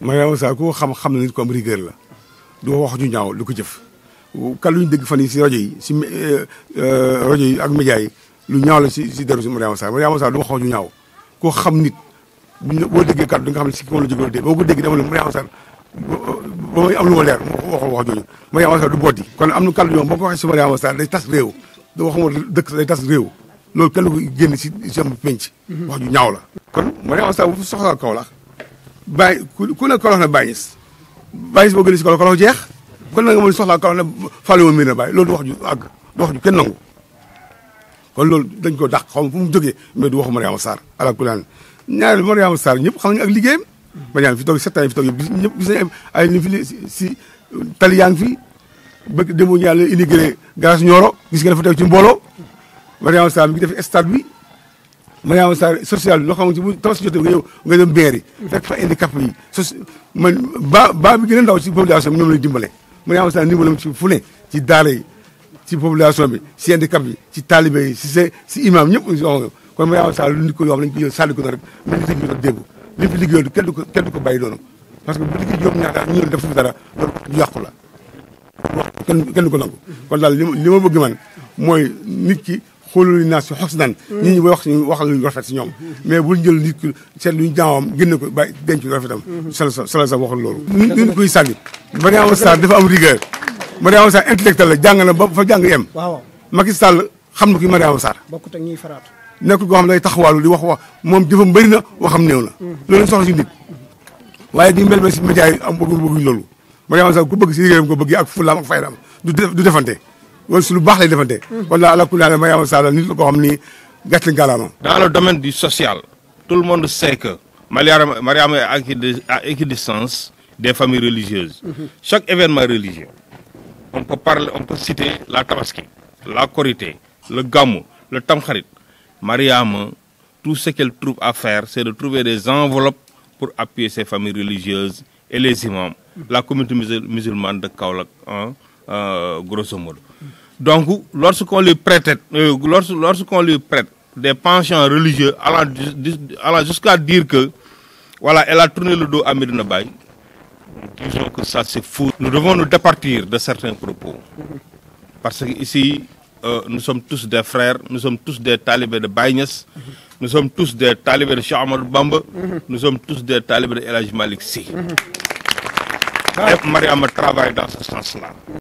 Mariama Sarr ku xam-xam na nit ko am rigueur la du wax ju ñaaw lu ko jëf kan lu ñu dégg fan yi si rajo yi si eh, eh, rajo yi ak média yi lu ñaaw la si si deru si Mariama Sarr Mariama Sarr du wax ju ñaaw ku xam nit boo déggee kàddu di nga xam ne si ki la jógee dee boo ko déggee dama la Mariama Sarr lu ma leer waxul wax kon am na kàddu ñoom boo ko waxee si Mariama Sarr day tas réew da waxuma dëkk day réew loolu kenn ko si si am penc mhm. wax ju ñaaw la kon Mariama Sarr bu soxlaa Kaolack bàyyi ku ne Kawlax na bàyyi ñes bàyyi ñes boo gën si Kawlax jeex kon na nga mën soxlaa Kawlax ne fàllu moom miir na bàyyi loolu du wax ju àgg du wax ju kenn nangu kon loolu dañ ko dàq xaw ma fu mu jógee mais du waxu Mariama Sarr ala kulaan ñaareel Mariama sar ñëpp xam nañu ak liggéey Mariama fi toog sept ans fi toog yëpp ñëpp gis fi si tali yaa ngi fi bëgg démo ñaar la inauguré garage Nioro gis nga dafa teew ci mbooloo Mariama Sarr mi ngi def stade bi Mariama Sarr social bi loo xamante bu tabaski jotee nga ba ba bi gën a ndaw ci population bi ñoom lay dimbale Mariama Sarr ndimbalam ci fu ne ci daara yi ci population bi si indi ci taalibe yi si se si imam ñëpp so kon Mariama Sarr ko yoo xam lañ ko jël sàlli ko na rek lu ko dégg li fi liggéeyoon kenn du ko kenn du parce que bu liggéey juróom ñaata ñu def suuf dara loolu yàqu la wax kenn kenn ko nangu kon daal li ma bëgg ki xoolul naa si xos nan mm. ñi ñu wax ñu wax luñu rafet si ñoom mm-hmm. mais bul jël nit ki seet luñu jaawam génn ko bàyyi denc rafetam mm-hmm. sala sala sa waxul loolu ñun mm-hmm. koy sànni Mariama Sarr dafa am rigueur Mariama Sarr intellectuel la jàng na ba fa jàng yem Macky Sall xam na kuy Mariama Sarr bokkut ak ñiy faraat nekkul koo xam ne day taxawaalu di wax wax moom jëfam bëri na waxam néew na loolu soxla si nit waaye di mbel si média am bëgguñ loolu Mariama Sarr ku bëgg si ko bëgg ak fulaam ak faydaam du defante dans le domaine du social tout le monde sait que Mariam Mariama est à équidistance des familles religieuses. chaque événement religieux on peut parler on peut citer la Tabaski la Corité, le Gamou le Tamkharit Mariam, tout ce qu'elle trouve à faire c'est de trouver des enveloppes pour appuyer ses familles religieuses et les imams la communauté musulmane de 1. Euh, grosso modo. Donc, lorsqu'on lui prête, euh, lui prête des pensions religieuses allant, jusqu'à dire que, voilà, elle a tourné le dos à Mirna Baye, disons que ça c'est fou Nous devons nous départir de certains propos. Parce qu'ici, ici euh, nous sommes tous des frères, nous sommes tous des talibés de Baynes nous sommes tous des talibés de Shahmar Bamba, nous sommes tous des talibés de Elaj Malik Si. Mhm. Mariam travaille dans ce sens-là.